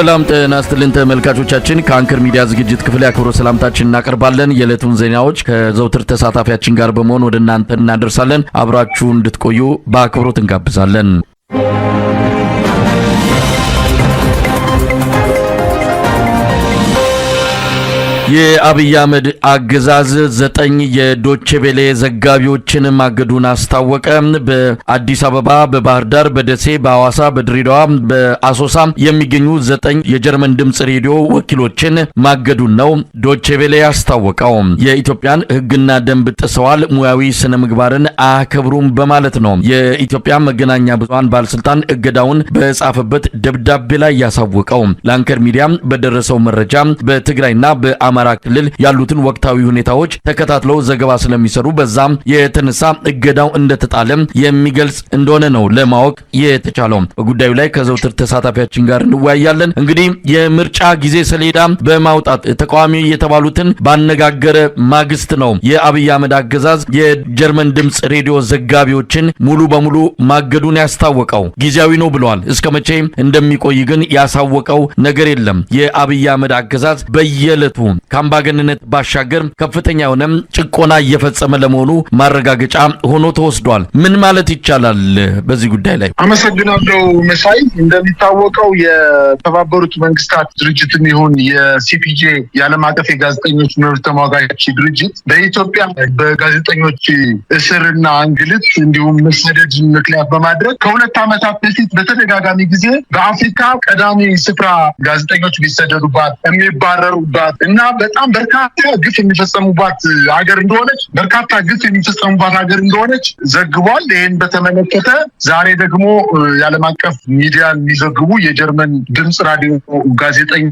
ሰላም ጤና ይስጥልን ተመልካቾቻችን፣ ከአንከር ሚዲያ ዝግጅት ክፍል ያክብሮ ሰላምታችን እናቀርባለን። የዕለቱን ዜናዎች ከዘውትር ተሳታፊያችን ጋር በመሆን ወደ እናንተ እናደርሳለን። አብራችሁ እንድትቆዩ በአክብሮት እንጋብዛለን። የአብይ አህመድ አገዛዝ ዘጠኝ የዶቼቬሌ ዘጋቢዎችን ማገዱን አስታወቀ። በአዲስ አበባ፣ በባህር ዳር፣ በደሴ፣ በሐዋሳ፣ በድሬዳዋ፣ በአሶሳ የሚገኙ ዘጠኝ የጀርመን ድምፅ ሬዲዮ ወኪሎችን ማገዱን ነው ዶቼቬሌ አስታወቀው። የኢትዮጵያን ሕግና ደንብ ጥሰዋል፣ ሙያዊ ስነ ምግባርን አያከብሩም በማለት ነው የኢትዮጵያ መገናኛ ብዙሃን ባለስልጣን እገዳውን በጻፈበት ደብዳቤ ላይ ያሳወቀው። ለአንከር ሚዲያም በደረሰው መረጃ በትግራይና በአማ በአማራ ክልል ያሉትን ወቅታዊ ሁኔታዎች ተከታትለው ዘገባ ስለሚሰሩ በዛም የተነሳ እገዳው እንደተጣለም የሚገልጽ እንደሆነ ነው ለማወቅ የተቻለው። በጉዳዩ ላይ ከዘውትር ተሳታፊያችን ጋር እንወያያለን። እንግዲህ የምርጫ ጊዜ ሰሌዳ በማውጣት ተቃዋሚ የተባሉትን ባነጋገረ ማግስት ነው የአብይ አህመድ አገዛዝ የጀርመን ድምፅ ሬዲዮ ዘጋቢዎችን ሙሉ በሙሉ ማገዱን ያስታወቀው። ጊዜያዊ ነው ብለዋል። እስከ መቼ እንደሚቆይ ግን ያሳወቀው ነገር የለም። የአብይ አህመድ አገዛዝ በየዕለቱ ከአምባገንነት ባሻገር ከፍተኛ የሆነ ጭቆና እየፈጸመ ለመሆኑ ማረጋገጫ ሆኖ ተወስዷል። ምን ማለት ይቻላል በዚህ ጉዳይ ላይ? አመሰግናለሁ መሳይ። እንደሚታወቀው የተባበሩት መንግስታት ድርጅትም ይሁን የሲፒጄ የዓለም አቀፍ የጋዜጠኞች መብት ተሟጋች ድርጅት በኢትዮጵያ በጋዜጠኞች እስርና እንግልት እንዲሁም መሰደድ ምክንያት በማድረግ ከሁለት ዓመታት በፊት በተደጋጋሚ ጊዜ በአፍሪካ ቀዳሚ ስፍራ ጋዜጠኞች ቢሰደዱባት የሚባረሩባት እና በጣም በርካታ ግፍ የሚፈጸሙባት ሀገር እንደሆነች በርካታ ግፍ የሚፈጸሙባት ሀገር እንደሆነች ዘግቧል። ይህን በተመለከተ ዛሬ ደግሞ የዓለም አቀፍ ሚዲያ የሚዘግቡ የጀርመን ድምፅ ራዲዮ ጋዜጠኝ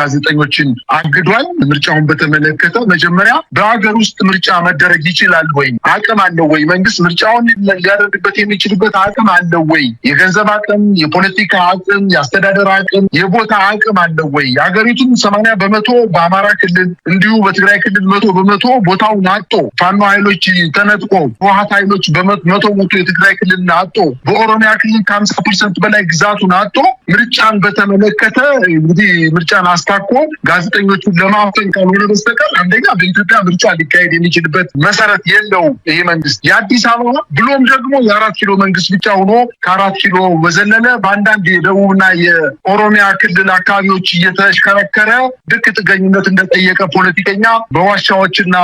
ጋዜጠኞችን አግዷል። ምርጫውን በተመለከተ መጀመሪያ በሀገር ውስጥ ምርጫ መደረግ ይችላል ወይ? አቅም አለው ወይ? መንግስት ምርጫውን ሊያደርግበት የሚችልበት አቅም አለው ወይ? የገንዘብ አቅም፣ የፖለቲካ አቅም፣ የአስተዳደር አቅም፣ የቦታ አቅም አለው ወይ? ሀገሪቱን ሰማንያ በመቶ በአማራ ክልል እንዲሁ በትግራይ ክልል መቶ በመቶ ቦታውን አጦ ፋኖ ኃይሎች ተነጥቆ ህወሀት ኃይሎች መቶ መቶ የትግራይ ክልል አጦ በኦሮሚያ ክልል ከሀምሳ ፐርሰንት በላይ ግዛቱን አጦ ምርጫን በተመለከተ እንግዲህ ምርጫን አስታኮ ጋዜጠኞቹን ለማፈን ካልሆነ በስተቀር አንደኛ በኢትዮጵያ ምርጫ ሊካሄድ የሚችልበት መሰረት የለውም። ይሄ መንግስት የአዲስ አበባ ብሎም ደግሞ የአራት ኪሎ መንግስት ብቻ ሆኖ ከአራት ኪሎ በዘለለ በአንዳንድ የደቡብና የኦሮሚያ ክልል አካባቢዎች እየተሽከረከረ ልክ ጥገኝነት እንደጠየቀ ፖለቲከኛ በዋሻዎችና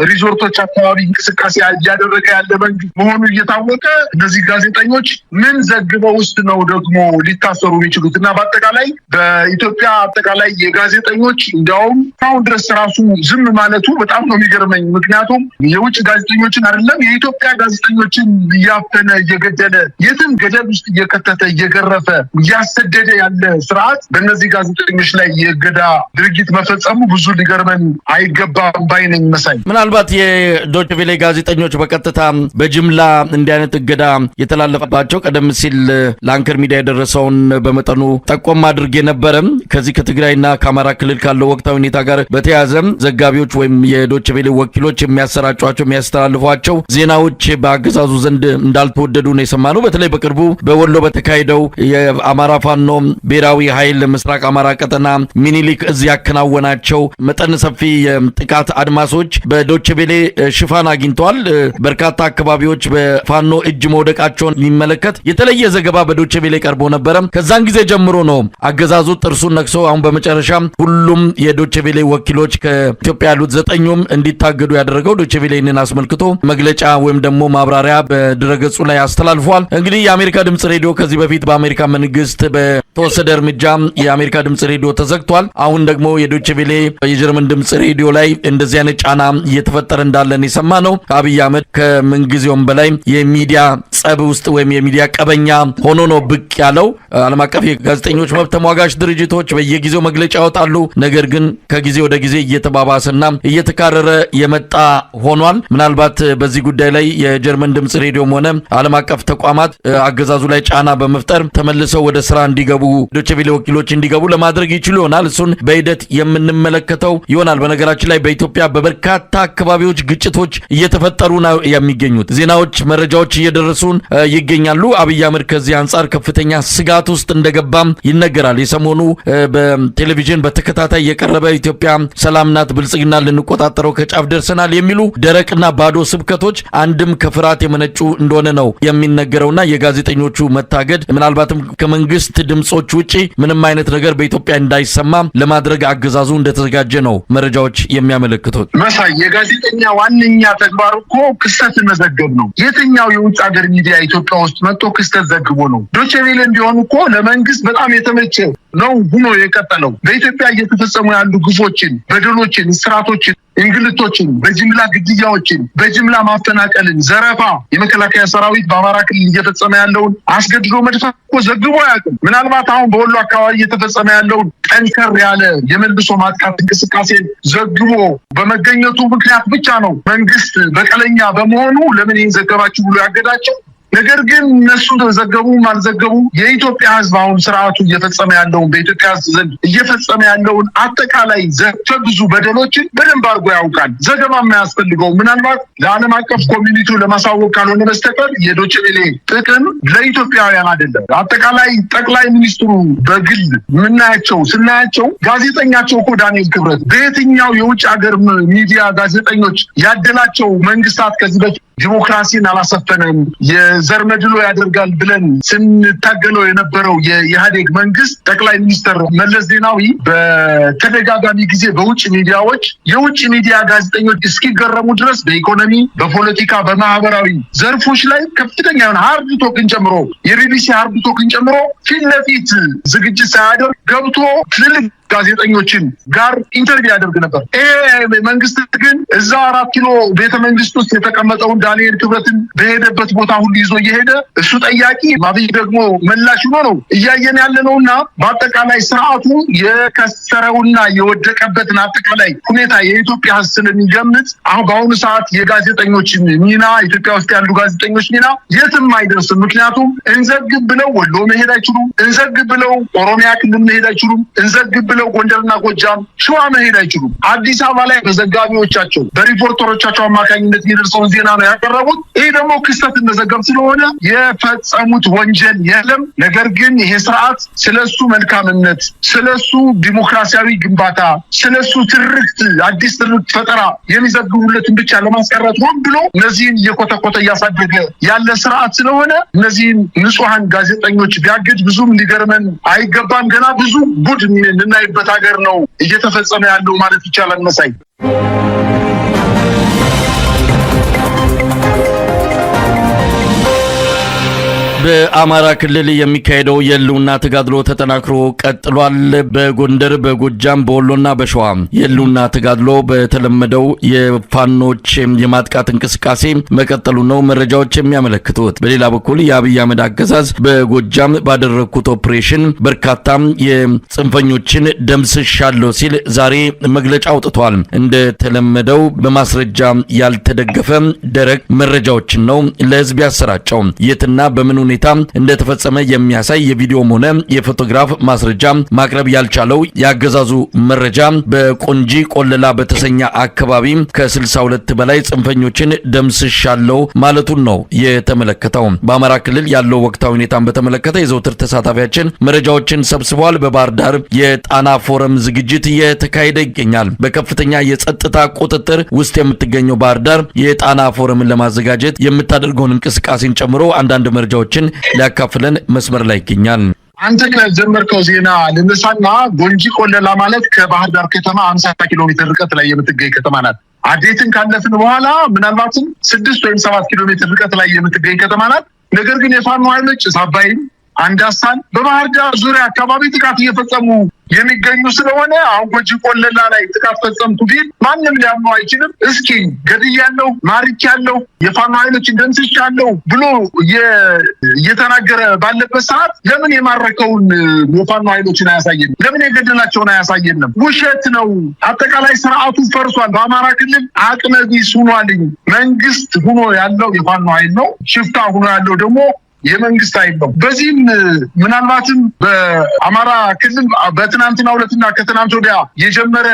በሪዞርቶች አካባቢ እንቅስቃሴ እያደረገ ያለ መንግስት መሆኑ እየታወቀ እነዚህ ጋዜጠኞች ምን ዘግበው ውስጥ ነው ደግሞ ሊታሰ ሊቆጠሩ የሚችሉት እና በአጠቃላይ በኢትዮጵያ አጠቃላይ የጋዜጠኞች እንዲያውም እስካሁን ድረስ ራሱ ዝም ማለቱ በጣም ነው የሚገርመኝ። ምክንያቱም የውጭ ጋዜጠኞችን አይደለም የኢትዮጵያ ጋዜጠኞችን እያፈነ እየገደለ የትም ገደብ ውስጥ እየከተተ እየገረፈ እያሰደደ ያለ ስርዓት በእነዚህ ጋዜጠኞች ላይ የእገዳ ድርጊት መፈጸሙ ብዙ ሊገርመን አይገባም ባይነኝ መሳይ ምናልባት የዶች ቬሌ ጋዜጠኞች በቀጥታ በጅምላ እንዲህ አይነት እገዳ የተላለፈባቸው ቀደም ሲል ለአንከር ሚዲያ የደረሰውን በመጠኑ ጠቆም አድርጌ ነበረ። ከዚህ ከትግራይና ከአማራ ክልል ካለው ወቅታዊ ሁኔታ ጋር በተያያዘ ዘጋቢዎች ወይም የዶች ቤሌ ወኪሎች የሚያሰራጯቸው የሚያስተላልፏቸው ዜናዎች በአገዛዙ ዘንድ እንዳልተወደዱ ነው የሰማነው። በተለይ በቅርቡ በወሎ በተካሄደው የአማራ ፋኖ ብሔራዊ ኃይል ምስራቅ አማራ ቀጠና ሚኒሊክ እዚህ ያከናወናቸው መጠን ሰፊ የጥቃት አድማሶች በዶች ቤሌ ሽፋን አግኝተዋል። በርካታ አካባቢዎች በፋኖ እጅ መውደቃቸውን የሚመለከት የተለየ ዘገባ በዶችቤሌ ቀርቦ ነበረ። ከዛን ጊዜ ጀምሮ ነው አገዛዙ ጥርሱን ነክሶ አሁን በመጨረሻ ሁሉም የዶቼቬሌ ወኪሎች ከኢትዮጵያ ያሉት ዘጠኙም እንዲታገዱ ያደረገው። ዶቼቬሌ ይህንን አስመልክቶ መግለጫ ወይም ደግሞ ማብራሪያ በድረገጹ ላይ አስተላልፏል። እንግዲህ የአሜሪካ ድምጽ ሬዲዮ ከዚህ በፊት በአሜሪካ መንግስት በተወሰደ እርምጃ የአሜሪካ ድምጽ ሬዲዮ ተዘግቷል። አሁን ደግሞ የዶቼቬሌ የጀርመን ድምጽ ሬዲዮ ላይ እንደዚህ አይነት ጫና እየተፈጠረ እንዳለን የሰማ ነው። ከአብይ አህመድ ከምንጊዜውም በላይ የሚዲያ ጸብ ውስጥ ወይም የሚዲያ ቀበኛ ሆኖ ነው ብቅ ያለው። ዓለም አቀፍ የጋዜጠኞች መብት ተሟጋች ድርጅቶች በየጊዜው መግለጫ ያወጣሉ። ነገር ግን ከጊዜ ወደ ጊዜ እየተባባሰና እየተካረረ የመጣ ሆኗል። ምናልባት በዚህ ጉዳይ ላይ የጀርመን ድምፅ ሬዲዮም ሆነ ዓለም አቀፍ ተቋማት አገዛዙ ላይ ጫና በመፍጠር ተመልሰው ወደ ስራ እንዲገቡ ዶችቪሌ ወኪሎች እንዲገቡ ለማድረግ ይችሉ ይሆናል። እሱን በሂደት የምንመለከተው ይሆናል። በነገራችን ላይ በኢትዮጵያ በበርካታ አካባቢዎች ግጭቶች እየተፈጠሩ ነው የሚገኙት። ዜናዎች፣ መረጃዎች እየደረሱን ይገኛሉ። አብይ አህመድ ከዚህ አንጻር ከፍተኛ ስጋቱ ውስጥ እንደገባም ይነገራል። የሰሞኑ በቴሌቪዥን በተከታታይ የቀረበ ኢትዮጵያ ሰላም ናት፣ ብልጽግና ልንቆጣጠረው ከጫፍ ደርሰናል የሚሉ ደረቅና ባዶ ስብከቶች አንድም ከፍርሃት የመነጩ እንደሆነ ነው የሚነገረውና የጋዜጠኞቹ መታገድ ምናልባትም ከመንግስት ድምጾች ውጪ ምንም አይነት ነገር በኢትዮጵያ እንዳይሰማ ለማድረግ አገዛዙ እንደተዘጋጀ ነው መረጃዎች የሚያመለክቱት። መሳይ፣ የጋዜጠኛ ዋነኛ ተግባር እኮ ክስተት መዘገብ ነው። የትኛው የውጭ ሀገር ሚዲያ ኢትዮጵያ ውስጥ መጥቶ ክስተት ዘግቦ ነው? ዶቼ ቬለ እንዲሆን እኮ ለመንግስት በጣም የተመቸ ነው ሆኖ የቀጠለው። በኢትዮጵያ እየተፈጸሙ ያሉ ግፎችን፣ በደሎችን፣ ስራቶችን፣ እንግልቶችን፣ በጅምላ ግድያዎችን፣ በጅምላ ማፈናቀልን፣ ዘረፋ የመከላከያ ሰራዊት በአማራ ክልል እየፈጸመ ያለውን አስገድዶ መድፈር እኮ ዘግቦ አያውቅም። ምናልባት አሁን በወሎ አካባቢ እየተፈጸመ ያለውን ጠንከር ያለ የመልሶ ማጥቃት እንቅስቃሴን ዘግቦ በመገኘቱ ምክንያት ብቻ ነው መንግስት በቀለኛ በመሆኑ ለምን ይህን ዘገባችሁ ብሎ ያገዳቸው። ነገር ግን እነሱ ዘገቡም አልዘገቡም የኢትዮጵያ ህዝብ አሁን ስርዓቱ እየፈጸመ ያለውን በኢትዮጵያ ህዝብ ዘንድ እየፈጸመ ያለውን አጠቃላይ ዘርፈ ብዙ በደሎችን በደንብ አድርጎ ያውቃል። ዘገባ የማያስፈልገው ምናልባት ለዓለም አቀፍ ኮሚኒቲው ለማሳወቅ ካልሆነ በስተቀር የዶቼ ጥቅም ለኢትዮጵያውያን አይደለም። አጠቃላይ ጠቅላይ ሚኒስትሩ በግል የምናያቸው ስናያቸው ጋዜጠኛቸው እኮ ዳንኤል ክብረት በየትኛው የውጭ ሀገር ሚዲያ ጋዜጠኞች ያደላቸው መንግስታት ከዚህ በፊት ዲሞክራሲን አላሰፈነም፣ የዘር መድሎ ያደርጋል ብለን ስንታገለው የነበረው የኢህአዴግ መንግስት ጠቅላይ ሚኒስትር መለስ ዜናዊ በተደጋጋሚ ጊዜ በውጭ ሚዲያዎች የውጭ ሚዲያ ጋዜጠኞች እስኪገረሙ ድረስ በኢኮኖሚ፣ በፖለቲካ፣ በማህበራዊ ዘርፎች ላይ ከፍተኛ የሆነ ሀርድ ቶክን ጨምሮ የቢቢሲ ሀርድ ቶክን ጨምሮ ፊት ለፊት ዝግጅት ሳያደርግ ገብቶ ትልልቅ ጋዜጠኞችን ጋር ኢንተርቪው ያደርግ ነበር። ይሄ መንግስት ግን እዛ አራት ኪሎ ቤተ መንግስት ውስጥ የተቀመጠውን ዳንኤል ክብረትን በሄደበት ቦታ ሁሉ ይዞ እየሄደ እሱ ጠያቂ አብይ ደግሞ መላሽ ሆኖ ነው እያየን ያለ ነው እና በአጠቃላይ ስርዓቱ የከሰረውና የወደቀበትን አጠቃላይ ሁኔታ የኢትዮጵያ ህስን የሚገምት አሁን በአሁኑ ሰዓት የጋዜጠኞችን ሚና ኢትዮጵያ ውስጥ ያሉ ጋዜጠኞች ሚና የትም አይደርስም። ምክንያቱም እንዘግብ ብለው ወሎ መሄድ አይችሉም። እንዘግብ ብለው ኦሮሚያ ክልል መሄድ አይችሉም። እንዘግብ ብለው ሄደው ጎንደርና ጎጃም ሸዋ መሄድ አይችሉም። አዲስ አበባ ላይ በዘጋቢዎቻቸው በሪፖርተሮቻቸው አማካኝነት የደርሰውን ዜና ነው ያቀረቡት። ይህ ደግሞ ክስተት መዘገብ ስለሆነ የፈጸሙት ወንጀል የለም። ነገር ግን ይሄ ስርዓት ስለሱ መልካምነት፣ ስለሱ ዲሞክራሲያዊ ግንባታ፣ ስለሱ ትርክት፣ አዲስ ትርክት ፈጠራ የሚዘግቡለትን ብቻ ለማስቀረት ሆን ብሎ እነዚህን እየኮተኮተ እያሳደገ ያለ ስርዓት ስለሆነ እነዚህን ንጹሐን ጋዜጠኞች ቢያግድ ብዙም ሊገርመን አይገባም። ገና ብዙ ጉድ ልናይ የምናይበት ሀገር ነው እየተፈጸመ ያለው ማለት ይቻላል መሳይ በአማራ ክልል የሚካሄደው የህልውና ተጋድሎ ተጠናክሮ ቀጥሏል። በጎንደር፣ በጎጃም፣ በወሎና በሸዋ የህልውና ተጋድሎ በተለመደው የፋኖች የማጥቃት እንቅስቃሴ መቀጠሉ ነው መረጃዎች የሚያመለክቱት። በሌላ በኩል የአብይ አህመድ አገዛዝ በጎጃም ባደረግኩት ኦፕሬሽን በርካታ የጽንፈኞችን ደምስሻለሁ ሲል ዛሬ መግለጫ አውጥቷል። እንደተለመደው በማስረጃ ያልተደገፈ ደረቅ መረጃዎችን ነው ለህዝብ ያሰራጨው። የትና በምን ሁኔታ ሁኔታ እንደተፈጸመ የሚያሳይ የቪዲዮም ሆነ የፎቶግራፍ ማስረጃ ማቅረብ ያልቻለው የአገዛዙ መረጃ በቆንጂ ቆለላ በተሰኘ አካባቢ ከ62 በላይ ጽንፈኞችን ደምስሻለው ማለቱን ነው የተመለከተው። በአማራ ክልል ያለው ወቅታዊ ሁኔታን በተመለከተ የዘውትር ተሳታፊያችን መረጃዎችን ሰብስበዋል። በባህር ዳር የጣና ፎረም ዝግጅት እየተካሄደ ይገኛል። በከፍተኛ የጸጥታ ቁጥጥር ውስጥ የምትገኘው ባህር ዳር የጣና ፎረምን ለማዘጋጀት የምታደርገውን እንቅስቃሴን ጨምሮ አንዳንድ መረጃዎችን መረጃዎችን ሊያካፍለን መስመር ላይ ይገኛል። አንተ ግን ያልጀመርከው ዜና ልነሳና ጎንጂ ቆለላ ማለት ከባህር ዳር ከተማ አምሳ ኪሎ ሜትር ርቀት ላይ የምትገኝ ከተማ ናት። አዴትን ካለፍን በኋላ ምናልባትም ስድስት ወይም ሰባት ኪሎ ሜትር ርቀት ላይ የምትገኝ ከተማ ናት። ነገር ግን የፋኖ ኃይሎች እዛባይም አንጋሳን በባህር ዳር ዙሪያ አካባቢ ጥቃት እየፈጸሙ የሚገኙ ስለሆነ አሁን ጎጂ ቆለላ ላይ ጥቃት ፈጸምኩ ቢል ማንም ሊያምኑ አይችልም። እስኪ ገድያለሁ፣ ያለው የፋኖ ኃይሎችን ደምስሻለሁ ብሎ እየተናገረ ባለበት ሰዓት ለምን የማረከውን የፋኖ ኃይሎችን አያሳየንም? ለምን የገደላቸውን አያሳየንም? ውሸት ነው። አጠቃላይ ስርዓቱ ፈርሷል። በአማራ ክልል አቅመቢስ ሁኗልኝ መንግስት ሁኖ ያለው የፋኖ ኃይል ነው። ሽፍታ ሁኖ ያለው ደግሞ የመንግስት ኃይል ነው። በዚህም ምናልባትም በአማራ ክልል በትናንትና ሁለትና ከትናንት ወዲያ የጀመረ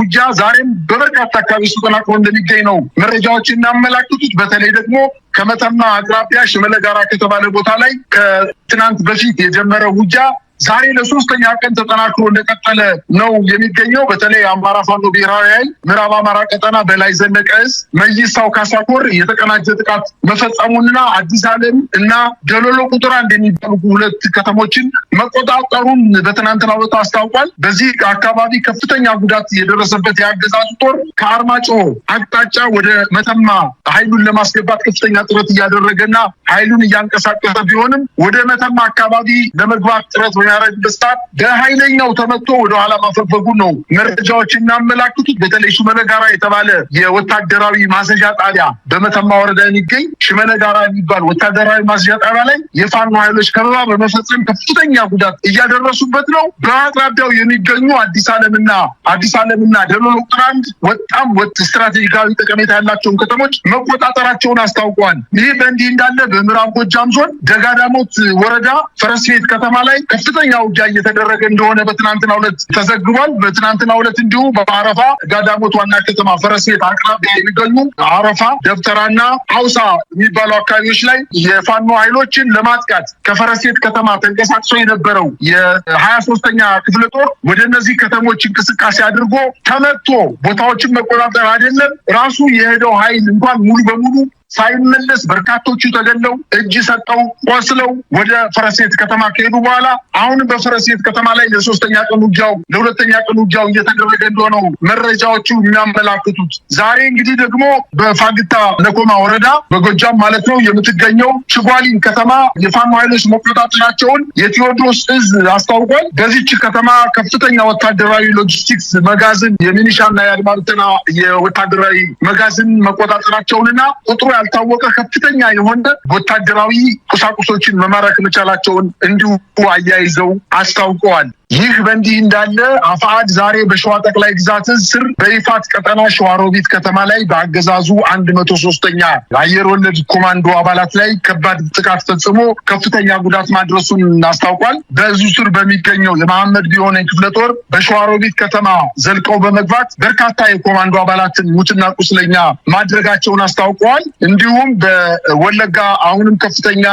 ውጊያ ዛሬም በበርካታ አካባቢ ተጠናክሮ እንደሚገኝ ነው መረጃዎች እናመላክቱት። በተለይ ደግሞ ከመተማ አቅራቢያ ሽመለ ጋራ ከተባለ ቦታ ላይ ከትናንት በፊት የጀመረ ውጊያ ዛሬ ለሶስተኛ ቀን ተጠናክሮ እንደቀጠለ ነው የሚገኘው። በተለይ አማራ ፋኖ ብሔራዊ ኃይል ምዕራብ አማራ ቀጠና በላይ ዘለቀ እዝ መይሳው ካሳኮር የተቀናጀ ጥቃት መፈጸሙንና አዲስ ዓለም እና ደሎሎ ቁጥር እንደሚባሉ ሁለት ከተሞችን መቆጣጠሩን በትናንትና ዕለት አስታውቋል። በዚህ አካባቢ ከፍተኛ ጉዳት የደረሰበት የአገዛዙ ጦር ከአርማጮ አቅጣጫ ወደ መተማ ኃይሉን ለማስገባት ከፍተኛ ጥረት እያደረገና ኃይሉን እያንቀሳቀሰ ቢሆንም ወደ መተማ አካባቢ ለመግባት ጥረት በሚያደርግበት ሰዓት በኃይለኛው ተመቶ ወደኋላ ማፈግፈጉን ነው መረጃዎች እናመላክቱት። በተለይ ሽመነጋራ የተባለ የወታደራዊ ማሰዣ ጣቢያ በመተማ ወረዳ የሚገኝ ሽመነጋራ የሚባል ወታደራዊ ማዘዣ ጣቢያ ላይ የፋኖ ኃይሎች ከበባ በመፈጸም ከፍተኛ ጉዳት እያደረሱበት ነው። በአቅራቢያው የሚገኙ አዲስ ዓለምና አዲስ ዓለምና ደሎሎ ቁጥራንድ ወጣም ወጥ ስትራቴጂካዊ ጠቀሜታ ያላቸውን ከተሞች መቆጣጠራቸውን አስታውቀዋል። ይህ በእንዲህ እንዳለ በምዕራብ ጎጃም ዞን ደጋዳሞት ወረዳ ፈረስ ቤት ከተማ ላይ ከፍተኛ ከፍተኛ ውጊያ እየተደረገ እንደሆነ በትናንትና ሁለት ተዘግቧል። በትናንትና ሁለት እንዲሁ በአረፋ ጋዳሞት ዋና ከተማ ፈረስቤት አቅራቢያ የሚገኙ አረፋ ደብተራና አውሳ የሚባሉ አካባቢዎች ላይ የፋኖ ኃይሎችን ለማጥቃት ከፈረሴት ከተማ ተንቀሳቅሶ የነበረው የሀያ ሶስተኛ ክፍለ ጦር ወደ እነዚህ ከተሞች እንቅስቃሴ አድርጎ ተመቶ ቦታዎችን መቆጣጠር አይደለም ራሱ የሄደው ኃይል እንኳን ሙሉ በሙሉ ሳይመለስ በርካቶቹ ተገለው እጅ ሰጠው ቆስለው ወደ ፈረሴት ከተማ ከሄዱ በኋላ አሁንም በፈረሴት ከተማ ላይ ለሶስተኛ ቀን ውጊያው ለሁለተኛ ቀን ውጊያው እየተደረገ እንደሆነው መረጃዎቹ የሚያመላክቱት። ዛሬ እንግዲህ ደግሞ በፋግታ ነኮማ ወረዳ በጎጃም ማለት ነው የምትገኘው ችጓሊን ከተማ የፋኖ ኃይሎች መቆጣጠራቸውን የቴዎድሮስ እዝ አስታውቋል። በዚች ከተማ ከፍተኛ ወታደራዊ ሎጂስቲክስ መጋዘን የሚኒሻና የአድማርተና የወታደራዊ መጋዘን መቆጣጠራቸውንና ቁጥሩ ያልታወቀ ከፍተኛ የሆነ ወታደራዊ ቁሳቁሶችን መማረክ መቻላቸውን እንዲሁ አያይዘው አስታውቀዋል። ይህ በእንዲህ እንዳለ አፋአድ ዛሬ በሸዋ ጠቅላይ ግዛት ስር በይፋት ቀጠና ሸዋሮቢት ከተማ ላይ በአገዛዙ አንድ መቶ ሶስተኛ አየር ወለድ ኮማንዶ አባላት ላይ ከባድ ጥቃት ፈጽሞ ከፍተኛ ጉዳት ማድረሱን አስታውቋል። በዙ ስር በሚገኘው የመሐመድ ቢሆነኝ ክፍለ ጦር በሸዋሮቢት ከተማ ዘልቀው በመግባት በርካታ የኮማንዶ አባላትን ሙትና ቁስለኛ ማድረጋቸውን አስታውቀዋል። እንዲሁም በወለጋ አሁንም ከፍተኛ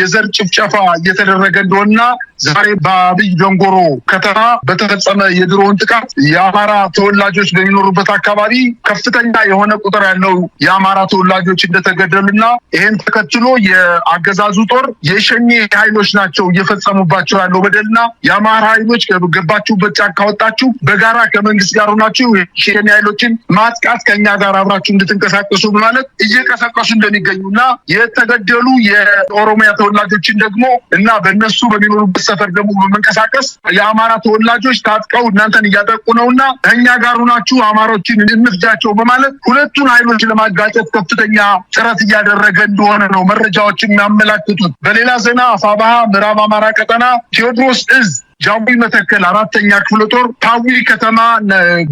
የዘር ጭፍጨፋ እየተደረገ እንደሆነና ዛሬ በአብይ ደንጎሮ ከተማ በተፈጸመ የድሮን ጥቃት የአማራ ተወላጆች በሚኖሩበት አካባቢ ከፍተኛ የሆነ ቁጥር ያለው የአማራ ተወላጆች እንደተገደሉና ይህን ተከትሎ የአገዛዙ ጦር የሸኔ ኃይሎች ናቸው እየፈጸሙባቸው ያለው በደልና የአማራ ኃይሎች ገባችሁበት ጫካ ወጣችሁ በጋራ ከመንግስት ጋር ሆናችሁ ሸኔ ኃይሎችን ማጥቃት ከኛ ጋር አብራችሁ እንድትንቀሳቀሱ በማለት እየቀሰቀሱ እንደሚገኙና የተገደሉ የኦሮሚያ ተወላጆችን ደግሞ እና በነሱ በሚኖሩበት ሰፈር ደግሞ በመንቀሳቀስ የአማራ ተወላጆች ታጥቀው እናንተን እያጠቁ ነውና እኛ ጋር ሁናችሁ አማሮችን እንፍጃቸው በማለት ሁለቱን ኃይሎች ለማጋጨት ከፍተኛ ጥረት እያደረገ እንደሆነ ነው መረጃዎች የሚያመላክቱት። በሌላ ዜና አፋባሃ ምዕራብ አማራ ቀጠና ቴዎድሮስ እዝ ጃዊ መተከል አራተኛ ክፍለ ጦር ፓዊ ከተማ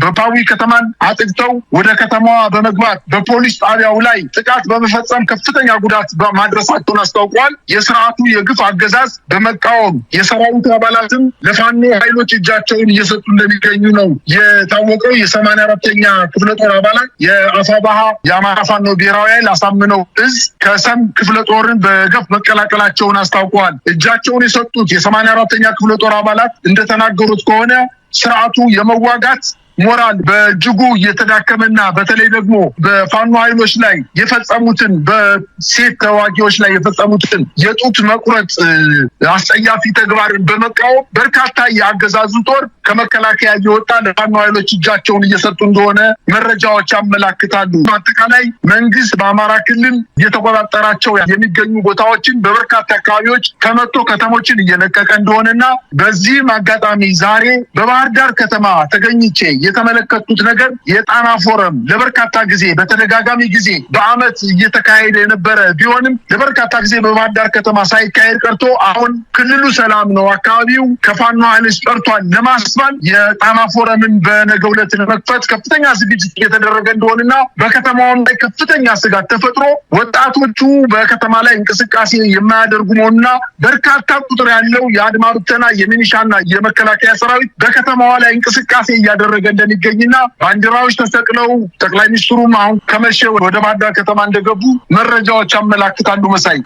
በፓዊ ከተማን አጥቅተው ወደ ከተማዋ በመግባት በፖሊስ ጣቢያው ላይ ጥቃት በመፈጸም ከፍተኛ ጉዳት ማድረሳቸውን አስታውቋል። የስርዓቱ የግፍ አገዛዝ በመቃወም የሰራዊቱ አባላትም ለፋኖ ኃይሎች እጃቸውን እየሰጡ እንደሚገኙ ነው የታወቀው። የሰማንያ አራተኛ ክፍለ ጦር አባላት የአፋባሃ የአማራ ፋኖ ብሔራዊ ኃይል አሳምነው እዝ ከሰም ክፍለ ጦርን በገፍ መቀላቀላቸውን አስታውቀዋል። እጃቸውን የሰጡት የሰማንያ አራተኛ ክፍለ ጦር አባላት አባላት እንደተናገሩት ከሆነ ስርዓቱ የመዋጋት ሞራል በእጅጉ እየተዳከመና በተለይ ደግሞ በፋኖ ኃይሎች ላይ የፈጸሙትን በሴት ተዋጊዎች ላይ የፈጸሙትን የጡት መቁረጥ አስጸያፊ ተግባርን በመቃወም በርካታ የአገዛዙ ጦር ከመከላከያ እየወጣ ለፋኖ ኃይሎች እጃቸውን እየሰጡ እንደሆነ መረጃዎች ያመላክታሉ። በአጠቃላይ መንግስት በአማራ ክልል እየተቆጣጠራቸው የሚገኙ ቦታዎችን በበርካታ አካባቢዎች ከመቶ ከተሞችን እየለቀቀ እንደሆነና በዚህም አጋጣሚ ዛሬ በባህር ዳር ከተማ ተገኝቼ የተመለከቱት ነገር የጣና ፎረም ለበርካታ ጊዜ በተደጋጋሚ ጊዜ በአመት እየተካሄደ የነበረ ቢሆንም ለበርካታ ጊዜ በባህርዳር ከተማ ሳይካሄድ ቀርቶ አሁን ክልሉ ሰላም ነው፣ አካባቢው ከፋኖ ኃይሎች ጠርቷል ለማስባል የጣና ፎረምን በነገ ዕለት ለመክፈት ከፍተኛ ዝግጅት እየተደረገ እንደሆነና በከተማውም ላይ ከፍተኛ ስጋት ተፈጥሮ ወጣቶቹ በከተማ ላይ እንቅስቃሴ የማያደርጉ መሆኑና በርካታ ቁጥር ያለው የአድማ ብተና የሚኒሻና የመከላከያ ሰራዊት በከተማዋ ላይ እንቅስቃሴ እያደረገ እንደሚገኝና ባንዲራዎች ተሰቅለው ጠቅላይ ሚኒስትሩም አሁን ከመሸ ወደ ባህር ከተማ እንደገቡ መረጃዎች አመላክታሉ። መሳይ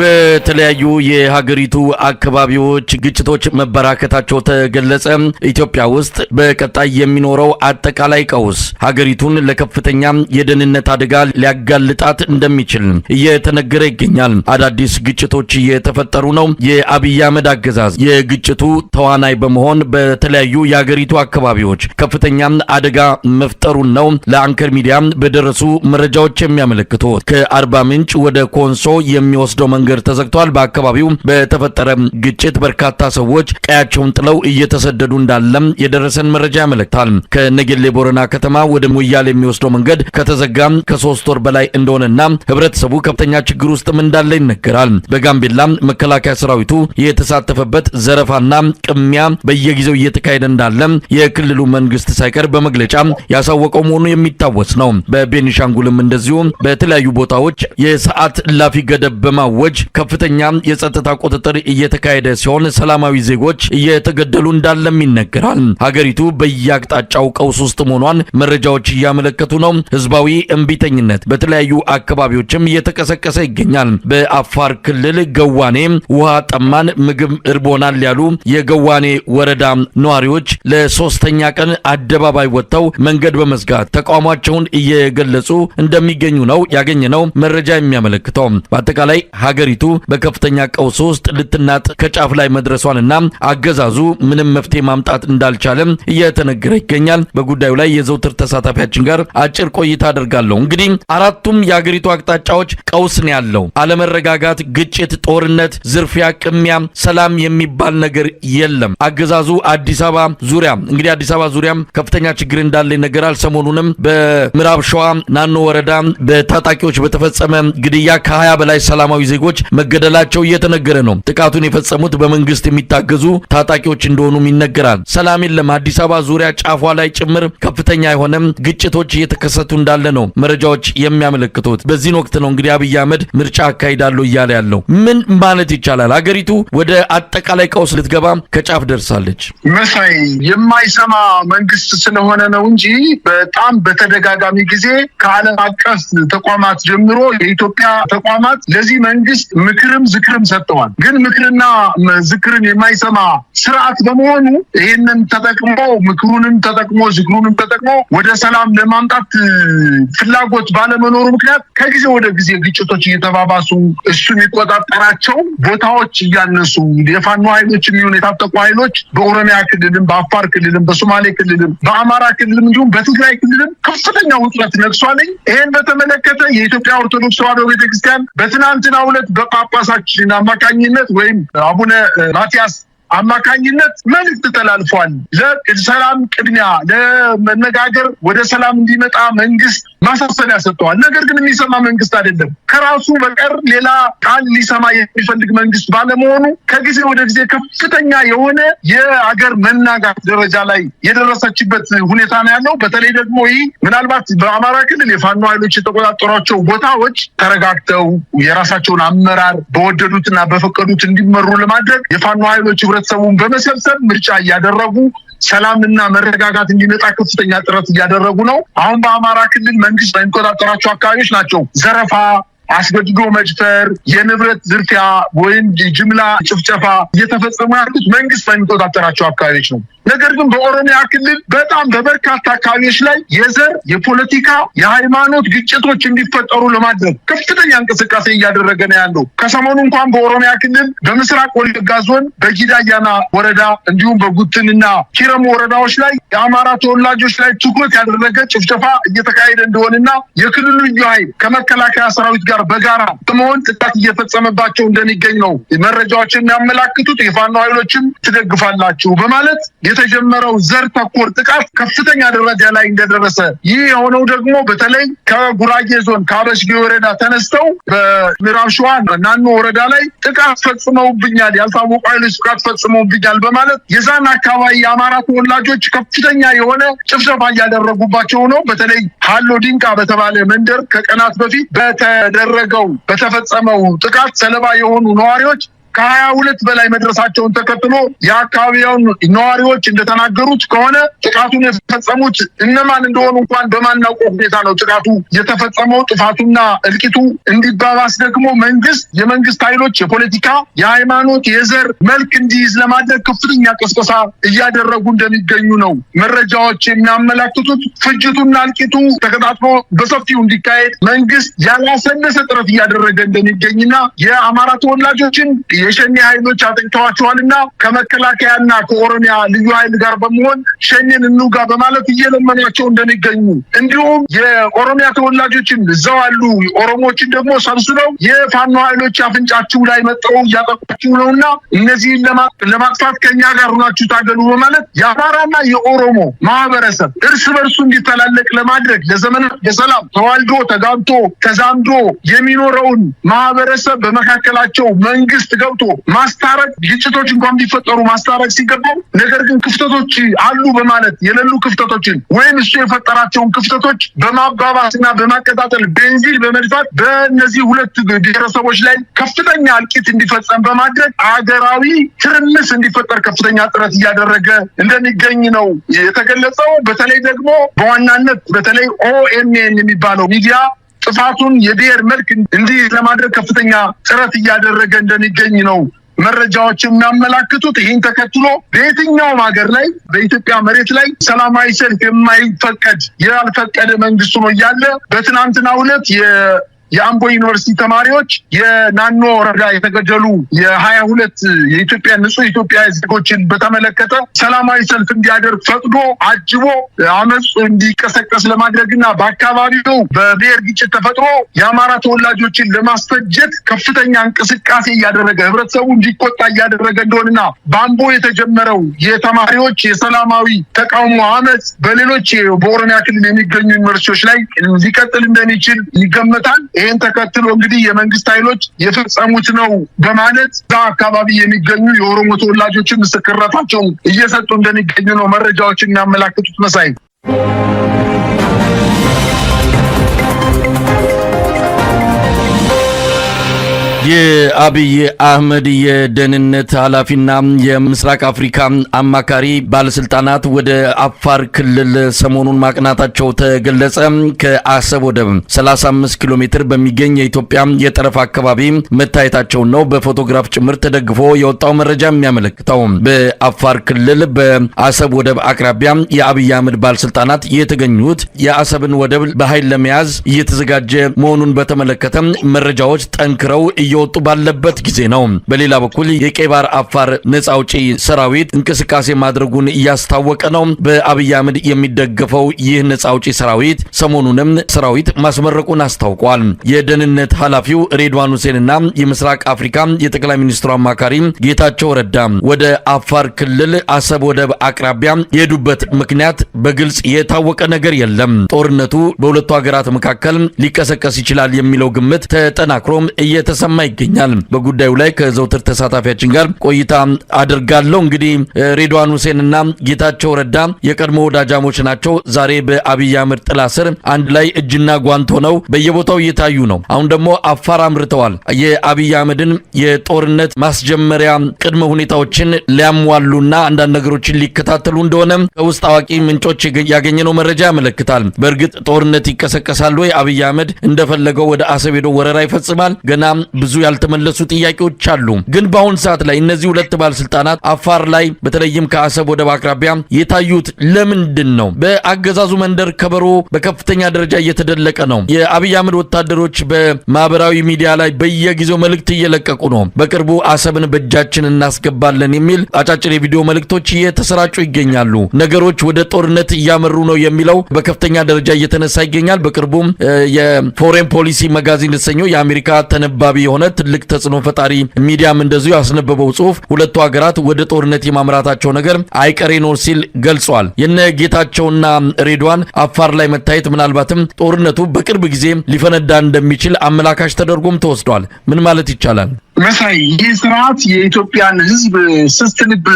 በተለያዩ የሀገሪቱ አካባቢዎች ግጭቶች መበራከታቸው ተገለጸ። ኢትዮጵያ ውስጥ በቀጣይ የሚኖረው አጠቃላይ ቀውስ ሀገሪቱን ለከፍተኛ የደህንነት አደጋ ሊያጋልጣት እንደሚችል እየተነገረ ይገኛል። አዳዲስ ግጭቶች እየተፈጠሩ ነው። የአብይ አህመድ አገዛዝ የግጭቱ ተዋናይ በመሆን በተለያዩ የሀገሪቱ አካባቢዎች ከፍተኛ አደጋ መፍጠሩን ነው ለአንከር ሚዲያ በደረሱ መረጃዎች የሚያመለክቱት። ከአርባ ምንጭ ወደ ኮንሶ የሚወስደው መንገድ መንገድ ተዘግቷል። በአካባቢው በተፈጠረ ግጭት በርካታ ሰዎች ቀያቸውን ጥለው እየተሰደዱ እንዳለም የደረሰን መረጃ ያመለክታል። ከነጌሌ ቦረና ከተማ ወደ ሙያል የሚወስደው መንገድ ከተዘጋ ከሶስት ወር በላይ እንደሆነና ህብረተሰቡ ከፍተኛ ችግር ውስጥም እንዳለ ይነገራል። በጋምቤላ መከላከያ ሰራዊቱ የተሳተፈበት ዘረፋና ቅሚያ በየጊዜው እየተካሄደ እንዳለ የክልሉ መንግስት ሳይቀር በመግለጫ ያሳወቀው መሆኑ የሚታወስ ነው። በቤኒሻንጉልም እንደዚሁ በተለያዩ ቦታዎች የሰዓት ላፊ ገደብ በማወጅ አካባቢዎች ከፍተኛ የጸጥታ ቁጥጥር እየተካሄደ ሲሆን ሰላማዊ ዜጎች እየተገደሉ እንዳለም ይነገራል። ሀገሪቱ በየአቅጣጫው ቀውስ ውስጥ መሆኗን መረጃዎች እያመለከቱ ነው። ህዝባዊ እምቢተኝነት በተለያዩ አካባቢዎችም እየተቀሰቀሰ ይገኛል። በአፋር ክልል ገዋኔ ውሃ ጠማን፣ ምግብ እርቦናል ያሉ የገዋኔ ወረዳ ነዋሪዎች ለሶስተኛ ቀን አደባባይ ወጥተው መንገድ በመዝጋት ተቃውሟቸውን እየገለጹ እንደሚገኙ ነው ያገኘነው መረጃ የሚያመለክተው በአጠቃላይ ሀገር ሀገሪቱ በከፍተኛ ቀውስ ውስጥ ልትናጥ ከጫፍ ላይ መድረሷንና አገዛዙ ምንም መፍትሄ ማምጣት እንዳልቻለም እየተነገረ ይገኛል። በጉዳዩ ላይ የዘውትር ተሳታፊያችን ጋር አጭር ቆይታ አደርጋለሁ። እንግዲህ አራቱም የሀገሪቱ አቅጣጫዎች ቀውስ ነው ያለው። አለመረጋጋት፣ ግጭት፣ ጦርነት፣ ዝርፊያ፣ ቅሚያ፣ ሰላም የሚባል ነገር የለም። አገዛዙ አዲስ አበባ ዙሪያ እንግዲህ አዲስ አበባ ዙሪያም ከፍተኛ ችግር እንዳለ ይነገራል። ሰሞኑንም በምዕራብ ሸዋ ናኖ ወረዳ በታጣቂዎች በተፈጸመ ግድያ ከ20 በላይ ሰላማዊ ዜጎች ሰዎች መገደላቸው እየተነገረ ነው። ጥቃቱን የፈጸሙት በመንግስት የሚታገዙ ታጣቂዎች እንደሆኑም ይነገራል። ሰላም የለም። አዲስ አበባ ዙሪያ ጫፏ ላይ ጭምር ከፍተኛ የሆነም ግጭቶች እየተከሰቱ እንዳለ ነው መረጃዎች የሚያመለክቱት። በዚህን ወቅት ነው እንግዲህ አብይ አህመድ ምርጫ አካሂዳለሁ እያለ ያለው። ምን ማለት ይቻላል? አገሪቱ ወደ አጠቃላይ ቀውስ ልትገባ ከጫፍ ደርሳለች። መሳይ የማይሰማ መንግስት ስለሆነ ነው እንጂ በጣም በተደጋጋሚ ጊዜ ከዓለም አቀፍ ተቋማት ጀምሮ የኢትዮጵያ ተቋማት ለዚህ መንግስት ውስጥ ምክርም ዝክርም ሰጥተዋል። ግን ምክርና ዝክርን የማይሰማ ስርዓት በመሆኑ ይህንን ተጠቅሞ ምክሩንም ተጠቅሞ ዝክሩንም ተጠቅሞ ወደ ሰላም ለማምጣት ፍላጎት ባለመኖሩ ምክንያት ከጊዜ ወደ ጊዜ ግጭቶች እየተባባሱ እሱ የሚቆጣጠራቸው ቦታዎች እያነሱ የፋኖ ኃይሎች የሚሆን የታጠቁ ኃይሎች በኦሮሚያ ክልልም በአፋር ክልልም በሶማሌ ክልልም በአማራ ክልልም እንዲሁም በትግራይ ክልልም ከፍተኛ ውጥረት ነግሷለኝ። ይህን በተመለከተ የኢትዮጵያ ኦርቶዶክስ ተዋሕዶ ቤተክርስቲያን በትናንትና ዕለት በጳጳሳችን አማካኝነት ወይም አቡነ ማቲያስ አማካኝነት መልእክት ተላልፏል። ለሰላም ቅድሚያ ለመነጋገር ወደ ሰላም እንዲመጣ መንግስት ማሳሰቢያ ሰጥተዋል። ነገር ግን የሚሰማ መንግስት አይደለም። ከራሱ በቀር ሌላ ቃል ሊሰማ የሚፈልግ መንግስት ባለመሆኑ ከጊዜ ወደ ጊዜ ከፍተኛ የሆነ የአገር መናጋት ደረጃ ላይ የደረሰችበት ሁኔታ ነው ያለው። በተለይ ደግሞ ይህ ምናልባት በአማራ ክልል የፋኖ ኃይሎች የተቆጣጠሯቸው ቦታዎች ተረጋግተው የራሳቸውን አመራር በወደዱትና በፈቀዱት እንዲመሩ ለማድረግ የፋኖ ኃይሎች ህብረተሰቡን በመሰብሰብ ምርጫ እያደረጉ ሰላምና መረጋጋት እንዲመጣ ከፍተኛ ጥረት እያደረጉ ነው። አሁን በአማራ ክልል መንግስት በሚቆጣጠራቸው አካባቢዎች ናቸው ዘረፋ አስገድዶ መድፈር፣ የንብረት ዝርፊያ ወይም ጅምላ ጭፍጨፋ እየተፈጸሙ ያሉት መንግስት በሚቆጣጠራቸው አካባቢዎች ነው። ነገር ግን በኦሮሚያ ክልል በጣም በበርካታ አካባቢዎች ላይ የዘር፣ የፖለቲካ፣ የሃይማኖት ግጭቶች እንዲፈጠሩ ለማድረግ ከፍተኛ እንቅስቃሴ እያደረገ ነው ያለው። ከሰሞኑ እንኳን በኦሮሚያ ክልል በምስራቅ ወለጋ ዞን በጊዳያና ወረዳ እንዲሁም በጉትንና ኪረሙ ወረዳዎች ላይ የአማራ ተወላጆች ላይ ትኩረት ያደረገ ጭፍጨፋ እየተካሄደ እንደሆነና የክልሉ ልዩ ኃይል ከመከላከያ ሰራዊት ጋር ጋር በጋራ በመሆን ጥቃት እየፈጸመባቸው እንደሚገኝ ነው መረጃዎችን የሚያመላክቱት። የፋኖ ኃይሎችም ትደግፋላችሁ በማለት የተጀመረው ዘር ተኮር ጥቃት ከፍተኛ ደረጃ ላይ እንደደረሰ ይህ የሆነው ደግሞ በተለይ ከጉራጌ ዞን ከአበሽጌ ወረዳ ተነስተው በምዕራብ ሸዋ ናኖ ወረዳ ላይ ጥቃት ፈጽመውብኛል፣ ያልታወቁ ኃይሎች ጥቃት ፈጽመውብኛል በማለት የዛን አካባቢ የአማራ ተወላጆች ከፍተኛ የሆነ ጭፍጨፋ እያደረጉባቸው ነው። በተለይ ሀሎ ዲንቃ በተባለ መንደር ከቀናት በፊት በተደ በተደረገው በተፈጸመው ጥቃት ሰለባ የሆኑ ነዋሪዎች ከሀያ ሁለት በላይ መድረሳቸውን ተከትሎ የአካባቢያውን ነዋሪዎች እንደተናገሩት ከሆነ ጥቃቱን የፈጸሙት እነማን እንደሆኑ እንኳን በማናውቀው ሁኔታ ነው ጥቃቱ የተፈጸመው። ጥፋቱና እልቂቱ እንዲባባስ ደግሞ መንግስት፣ የመንግስት ኃይሎች የፖለቲካ፣ የሃይማኖት፣ የዘር መልክ እንዲይዝ ለማድረግ ከፍተኛ ቀስቀሳ እያደረጉ እንደሚገኙ ነው መረጃዎች የሚያመላክቱት። ፍጅቱና እልቂቱ ተቀጣጥሎ በሰፊው እንዲካሄድ መንግስት ያላሰነሰ ጥረት እያደረገ እንደሚገኝና የአማራ ተወላጆችን የሸኔ ኃይሎች አጠቅተዋቸዋልና ከመከላከያና ከኦሮሚያ ልዩ ኃይል ጋር በመሆን ሸኔን እንውጋ በማለት እየለመኗቸው እንደሚገኙ እንዲሁም የኦሮሚያ ተወላጆችን እዛው አሉ ኦሮሞዎችን ደግሞ ሰብስበው የፋኖ ኃይሎች አፍንጫችሁ ላይ መጠው እያጠቋችሁ ነውና እነዚህን ለማጥፋት ከኛ ጋር ሆናችሁ ታገሉ በማለት የአማራና የኦሮሞ ማህበረሰብ እርስ በርሱ እንዲተላለቅ ለማድረግ ለዘመናት በሰላም ተዋልዶ ተጋብቶ ተዛምዶ የሚኖረውን ማህበረሰብ በመካከላቸው መንግስት ገብ አውጥቶ ማስታረቅ፣ ግጭቶች እንኳን ቢፈጠሩ ማስታረቅ ሲገባው፣ ነገር ግን ክፍተቶች አሉ በማለት የሌሉ ክፍተቶችን ወይም እሱ የፈጠራቸውን ክፍተቶች በማባባስና በማቀጣጠል ቤንዚን በመድፋት በእነዚህ ሁለት ብሔረሰቦች ላይ ከፍተኛ እልቂት እንዲፈጸም በማድረግ አገራዊ ትርምስ እንዲፈጠር ከፍተኛ ጥረት እያደረገ እንደሚገኝ ነው የተገለጸው። በተለይ ደግሞ በዋናነት በተለይ ኦኤምኤን የሚባለው ሚዲያ ጥፋቱን የብሔር መልክ እንዲይዝ ለማድረግ ከፍተኛ ጥረት እያደረገ እንደሚገኝ ነው መረጃዎች የሚያመላክቱት። ይህን ተከትሎ በየትኛውም ሀገር ላይ በኢትዮጵያ መሬት ላይ ሰላማዊ ሰልፍ የማይፈቀድ ያልፈቀደ መንግስት ነው እያለ በትናንትናው ዕለት የአምቦ ዩኒቨርሲቲ ተማሪዎች የናኖ ወረዳ የተገደሉ የሀያ ሁለት የኢትዮጵያ ንጹህ ኢትዮጵያ ዜጎችን በተመለከተ ሰላማዊ ሰልፍ እንዲያደርግ ፈቅዶ አጅቦ አመፁ እንዲቀሰቀስ ለማድረግና በአካባቢው በብሔር ግጭት ተፈጥሮ የአማራ ተወላጆችን ለማስፈጀት ከፍተኛ እንቅስቃሴ እያደረገ ህብረተሰቡ እንዲቆጣ እያደረገ እንደሆነና በአምቦ የተጀመረው የተማሪዎች የሰላማዊ ተቃውሞ አመፅ በሌሎች በኦሮሚያ ክልል የሚገኙ ዩኒቨርሲቲዎች ላይ ሊቀጥል እንደሚችል ይገመታል። ይህን ተከትሎ እንግዲህ የመንግስት ኃይሎች የፈጸሙት ነው በማለት እዛ አካባቢ የሚገኙ የኦሮሞ ተወላጆችን ምስክርነታቸውን እየሰጡ እንደሚገኙ ነው መረጃዎች የሚያመላክቱት። መሳይ የአብይ አህመድ የደህንነት ኃላፊና የምስራቅ አፍሪካ አማካሪ ባለስልጣናት ወደ አፋር ክልል ሰሞኑን ማቅናታቸው ተገለጸ። ከአሰብ ወደብ 35 ኪሎ ሜትር በሚገኝ የኢትዮጵያ የጠረፍ አካባቢ መታየታቸውን ነው በፎቶግራፍ ጭምር ተደግፎ የወጣው መረጃ የሚያመለክተው። በአፋር ክልል በአሰብ ወደብ አቅራቢያ የአብይ አህመድ ባለስልጣናት የተገኙት የአሰብን ወደብ በኃይል ለመያዝ እየተዘጋጀ መሆኑን በተመለከተ መረጃዎች ጠንክረው እየ እየወጡ ባለበት ጊዜ ነው። በሌላ በኩል የቀይ ባህር አፋር ነጻ አውጪ ሰራዊት እንቅስቃሴ ማድረጉን እያስታወቀ ነው። በአብይ አህመድ የሚደገፈው ይህ ነጻ አውጪ ሰራዊት ሰሞኑንም ሰራዊት ማስመረቁን አስታውቋል። የደህንነት ኃላፊው ሬድዋን ሁሴንና የምስራቅ አፍሪካ የጠቅላይ ሚኒስትሩ አማካሪ ጌታቸው ረዳ ወደ አፋር ክልል አሰብ ወደብ አቅራቢያ የሄዱበት ምክንያት በግልጽ የታወቀ ነገር የለም። ጦርነቱ በሁለቱ ሀገራት መካከል ሊቀሰቀስ ይችላል የሚለው ግምት ተጠናክሮም እየተሰማ ይገኛል። በጉዳዩ ላይ ከዘውትር ተሳታፊያችን ጋር ቆይታ አድርጋለሁ። እንግዲህ ሬድዋን ሁሴንና ጌታቸው ረዳ የቀድሞ ወዳጃሞች ናቸው። ዛሬ በአብይ አህመድ ጥላ ስር አንድ ላይ እጅና ጓንት ሆነው በየቦታው እየታዩ ነው። አሁን ደግሞ አፋር አምርተዋል። የአብይ አህመድን የጦርነት ማስጀመሪያ ቅድመ ሁኔታዎችን ሊያሟሉና አንዳንድ ነገሮችን ሊከታተሉ እንደሆነ ከውስጥ አዋቂ ምንጮች ያገኘነው መረጃ ያመለክታል። በእርግጥ ጦርነት ይቀሰቀሳል ወይ? አብይ አህመድ እንደፈለገው ወደ አሰብ ሄዶ ወረራ ይፈጽማል? ገና ብዙ ያልተመለሱ ጥያቄዎች አሉ። ግን በአሁን ሰዓት ላይ እነዚህ ሁለት ባለስልጣናት አፋር ላይ በተለይም ከአሰብ ወደብ አቅራቢያ የታዩት ለምንድን ነው? በአገዛዙ መንደር ከበሮ በከፍተኛ ደረጃ እየተደለቀ ነው። የአብይ አህመድ ወታደሮች በማህበራዊ ሚዲያ ላይ በየጊዜው መልእክት እየለቀቁ ነው። በቅርቡ አሰብን በእጃችን እናስገባለን የሚል አጫጭር የቪዲዮ መልእክቶች እየተሰራጩ ይገኛሉ። ነገሮች ወደ ጦርነት እያመሩ ነው የሚለው በከፍተኛ ደረጃ እየተነሳ ይገኛል። በቅርቡም የፎሬን ፖሊሲ መጋዚን የተሰኘው የአሜሪካ ተነባቢ የሆነ ትልቅ ተጽዕኖ ፈጣሪ ሚዲያም እንደዚሁ ያስነበበው ጽሁፍ ሁለቱ ሀገራት ወደ ጦርነት የማምራታቸው ነገር አይቀሬ ነው ሲል ገልጿል። የነ ጌታቸውና ሬድዋን አፋር ላይ መታየት ምናልባትም ጦርነቱ በቅርብ ጊዜ ሊፈነዳ እንደሚችል አመላካሽ ተደርጎም ተወስዷል። ምን ማለት ይቻላል? መሳይ ይህ ስርዓት የኢትዮጵያን ህዝብ ስስት ልብ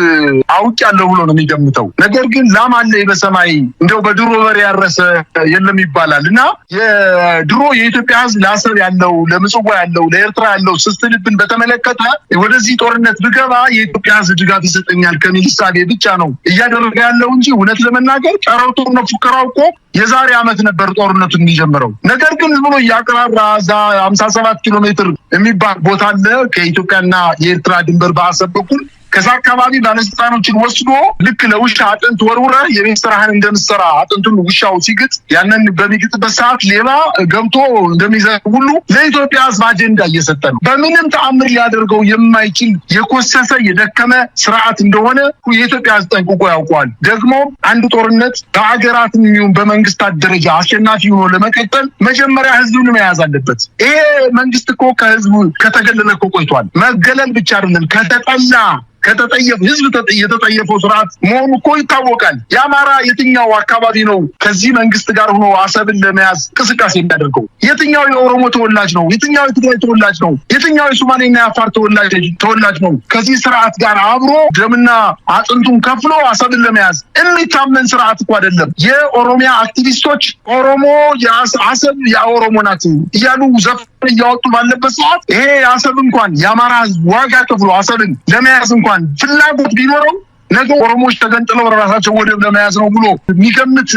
አውቅ ያለው ብሎ ነው የሚገምተው። ነገር ግን ላም አለ በሰማይ እንደው በድሮ በር ያረሰ የለም ይባላል እና የድሮ የኢትዮጵያ ህዝብ ለአሰብ ያለው ለምጽዋ ያለው ለኤርትራ ያለው ስስት ልብን በተመለከተ ወደዚህ ጦርነት ብገባ የኢትዮጵያ ህዝብ ድጋፍ ይሰጠኛል ከሚል እሳቤ ብቻ ነው እያደረገ ያለው እንጂ እውነት ለመናገር ጨረው ጦርነት ፉከራው እኮ የዛሬ ዓመት ነበር ጦርነቱ የሚጀምረው። ነገር ግን ብሎ እያቀራራ እዛ ሀምሳ ሰባት ኪሎ ሜትር የሚባል ቦታ አለ ከኢትዮጵያና የኤርትራ ድንበር በአሰብ በኩል ከዛ አካባቢ ባለስልጣኖችን ወስዶ ልክ ለውሻ አጥንት ወርውረ የቤት ስራህን እንደምሰራ አጥንቱን ውሻው ሲግጥ ያንን በሚግጥበት ሰዓት ሌላ ገብቶ እንደሚዘ ሁሉ ለኢትዮጵያ ህዝብ አጀንዳ እየሰጠ ነው። በምንም ተአምር ሊያደርገው የማይችል የኮሰሰ የደከመ ስርዓት እንደሆነ የኢትዮጵያ ህዝብ ጠንቅቆ ያውቀዋል። ደግሞ አንድ ጦርነት በአገራት የሚሆን በመንግስታት ደረጃ አሸናፊ ሆኖ ለመቀጠል መጀመሪያ ሕዝብን መያዝ አለበት። ይሄ መንግስት እኮ ከህዝቡ ከተገለለ እኮ ቆይቷል። መገለል ብቻ አይደለም ከተጠላ ከተጠየፍ ህዝብ የተጠየፈው ስርዓት መሆኑ እኮ ይታወቃል። የአማራ የትኛው አካባቢ ነው ከዚህ መንግስት ጋር ሆኖ አሰብን ለመያዝ እንቅስቃሴ የሚያደርገው? የትኛው የኦሮሞ ተወላጅ ነው? የትኛው የትግራይ ተወላጅ ነው? የትኛው የሶማሌና የአፋር ተወላጅ ነው? ከዚህ ስርዓት ጋር አብሮ ደምና አጥንቱን ከፍሎ አሰብን ለመያዝ የሚታመን ስርዓት እኮ አይደለም። የኦሮሚያ አክቲቪስቶች ኦሮሞ አሰብ የኦሮሞ ናት እያሉ ዘፈን እያወጡ ባለበት ሰዓት ይሄ አሰብ እንኳን የአማራ ህዝብ ዋጋ ከፍሎ አሰብን ለመያዝ እንኳን እንኳን ፍላጎት ቢኖረው ነገ ኦሮሞዎች ተገንጥለው ራሳቸው ወደብ ለመያዝ ነው ብሎ የሚገምት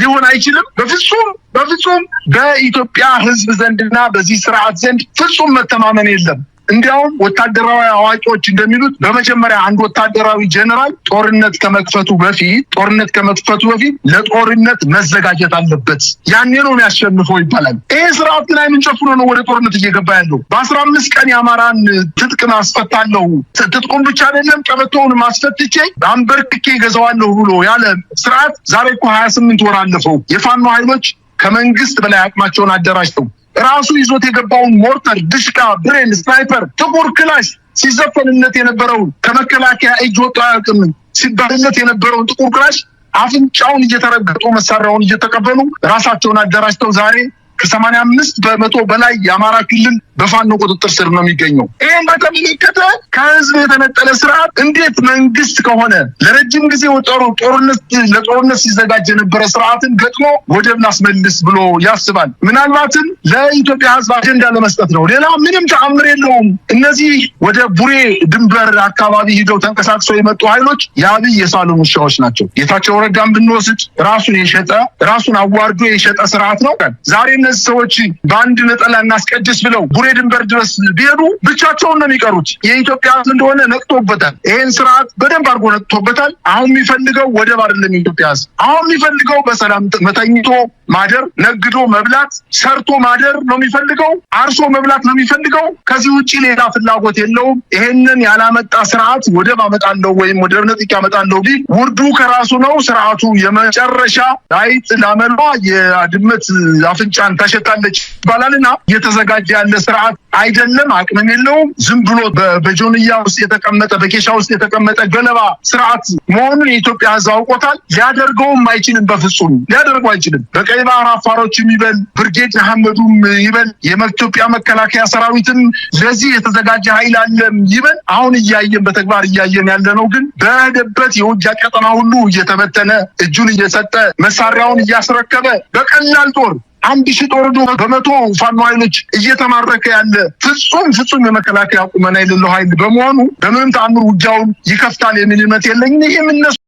ሊሆን አይችልም። በፍጹም በፍጹም በኢትዮጵያ ሕዝብ ዘንድና በዚህ ስርዓት ዘንድ ፍጹም መተማመን የለም። እንዲያውም ወታደራዊ አዋቂዎች እንደሚሉት በመጀመሪያ አንድ ወታደራዊ ጀነራል ጦርነት ከመክፈቱ በፊት ጦርነት ከመክፈቱ በፊት ለጦርነት መዘጋጀት አለበት፣ ያኔ ነው የሚያሸንፈው ይባላል። ይህ ስርዓት ላይ አይኑን ጨፍኖ ነው ወደ ጦርነት እየገባ ያለው። በአስራ አምስት ቀን የአማራን ትጥቅ ማስፈታለሁ፣ ትጥቁን ብቻ አይደለም ቀበቶውን ማስፈትቼ አንበርክኬ ገዛዋለሁ ብሎ ያለ ስርዓት ዛሬ እኮ ሀያ ስምንት ወር አለፈው። የፋኖ ኃይሎች ከመንግስት በላይ አቅማቸውን አደራጅተው ራሱ ይዞት የገባውን ሞርተር፣ ድሽቃ፣ ብሬን፣ ስናይፐር፣ ጥቁር ክላሽ ሲዘፈንነት የነበረውን ከመከላከያ እጅ ወጣ አያውቅም ሲባልለት የነበረውን ጥቁር ክላሽ አፍንጫውን እየተረገጡ መሳሪያውን እየተቀበሉ ራሳቸውን አደራጅተው ዛሬ ከሰማንያ አምስት በመቶ በላይ የአማራ ክልል በፋኖ ቁጥጥር ስር ነው የሚገኘው። ይህን በተመለከተ ከህዝብ የተነጠለ ስርዓት እንዴት መንግስት ከሆነ ለረጅም ጊዜ ጦርነት ለጦርነት ሲዘጋጅ የነበረ ስርዓትን ገጥሞ ወደብ አስመልስ ብሎ ያስባል። ምናልባትም ለኢትዮጵያ ህዝብ አጀንዳ ለመስጠት ነው። ሌላ ምንም ተአምር የለውም። እነዚህ ወደ ቡሬ ድንበር አካባቢ ሂደው ተንቀሳቅሰው የመጡ ኃይሎች የአብይ የሳሎን ውሻዎች ናቸው። ጌታቸው ረዳን ብንወስድ ራሱን የሸጠ ራሱን አዋርዶ የሸጠ ስርዓት ነው። ዛሬ እነዚህ ሰዎች በአንድ ነጠላ እናስቀድስ ብለው ቡሬ ድንበር ድረስ ቢሄዱ ብቻቸውን ነው የሚቀሩት። የኢትዮጵያ እንደሆነ ነቅቶበታል። ይህን ስርዓት በደንብ አድርጎ ነቅቶበታል። አሁን የሚፈልገው ወደብ አይደለም። የኢትዮጵያ ህዝብ አሁን የሚፈልገው በሰላም መተኝቶ ማደር፣ ነግዶ መብላት፣ ሰርቶ ማደር ነው የሚፈልገው። አርሶ መብላት ነው የሚፈልገው። ከዚህ ውጭ ሌላ ፍላጎት የለውም። ይሄንን ያላመጣ ስርዓት ወደብ አመጣለሁ ወይም ወደብ ነጥቅ ያመጣለሁ ቢል ውርዱ ከራሱ ነው። ስርዓቱ የመጨረሻ አይጥ ላመሏ የድመት አፍንጫን ታሸታለች ይባላልና እየተዘጋጀ ያለ ስርዓት ስርዓት አይደለም፣ አቅምም የለውም። ዝም ብሎ በጆንያ ውስጥ የተቀመጠ በኬሻ ውስጥ የተቀመጠ ገለባ ስርዓት መሆኑን የኢትዮጵያ ሕዝብ አውቆታል። ሊያደርገውም አይችልም፣ በፍጹም ሊያደርገው አይችልም። በቀይ ባህር አፋሮችም ይበል ብርጌድ መሐመዱም ይበል የኢትዮጵያ መከላከያ ሰራዊትም ለዚህ የተዘጋጀ ኃይል አለም ይበል አሁን እያየን በተግባር እያየን ያለ ነው። ግን በደበት የውጊያ ቀጠና ሁሉ እየተበተነ እጁን እየሰጠ መሳሪያውን እያስረከበ በቀላል ጦር አንድ ሺ ጦር በመቶ ፋኖ ኃይሎች እየተማረከ ያለ ፍጹም ፍጹም የመከላከያ ቁመና የሌለው ኃይል በመሆኑ በምንም ተአምር ውጊያውን ይከፍታል የሚል እምነት የለኝም። ይህም እነሱ